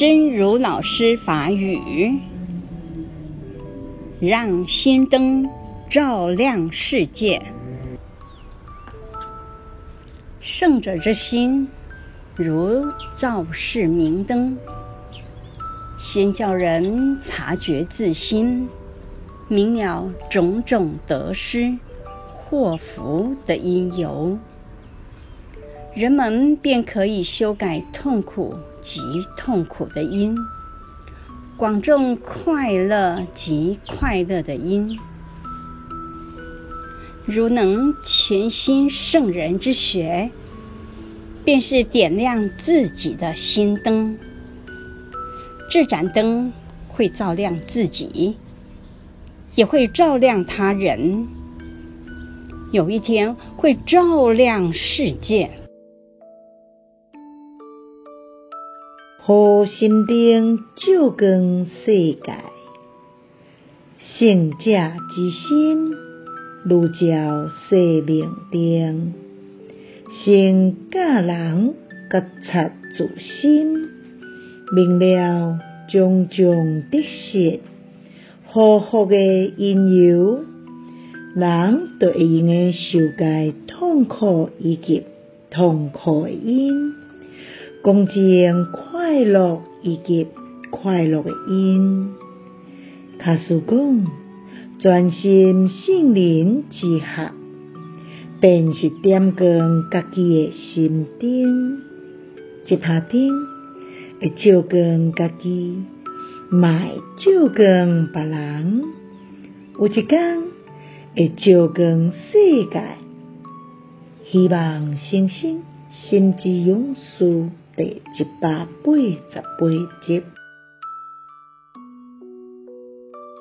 真如老師法語，讓心燈照亮世界。聖者之心如照世明燈，先教人察覺自心，明了種種得失禍福的因由。人們便可以修改痛苦及痛苦的因，廣種快樂及快樂的因。如能潛心聖人之學，便是點亮自己的心燈。這盞燈會照亮自己，也會照亮他人。有一天會照亮世界。讓心燈照亮世界，聖者之心如照世明燈。先教人覺察自心，明了種種得失、禍福的因由，人對應的修改痛苦以及痛苦因，廣種。快樂以及快樂的因，假使講，潛心聖人之學，便是點光家己的心燈。這盞燈會照光家己，嘛照光別人，有一天會照光世界，希望新生心之勇士。第一百八十八集。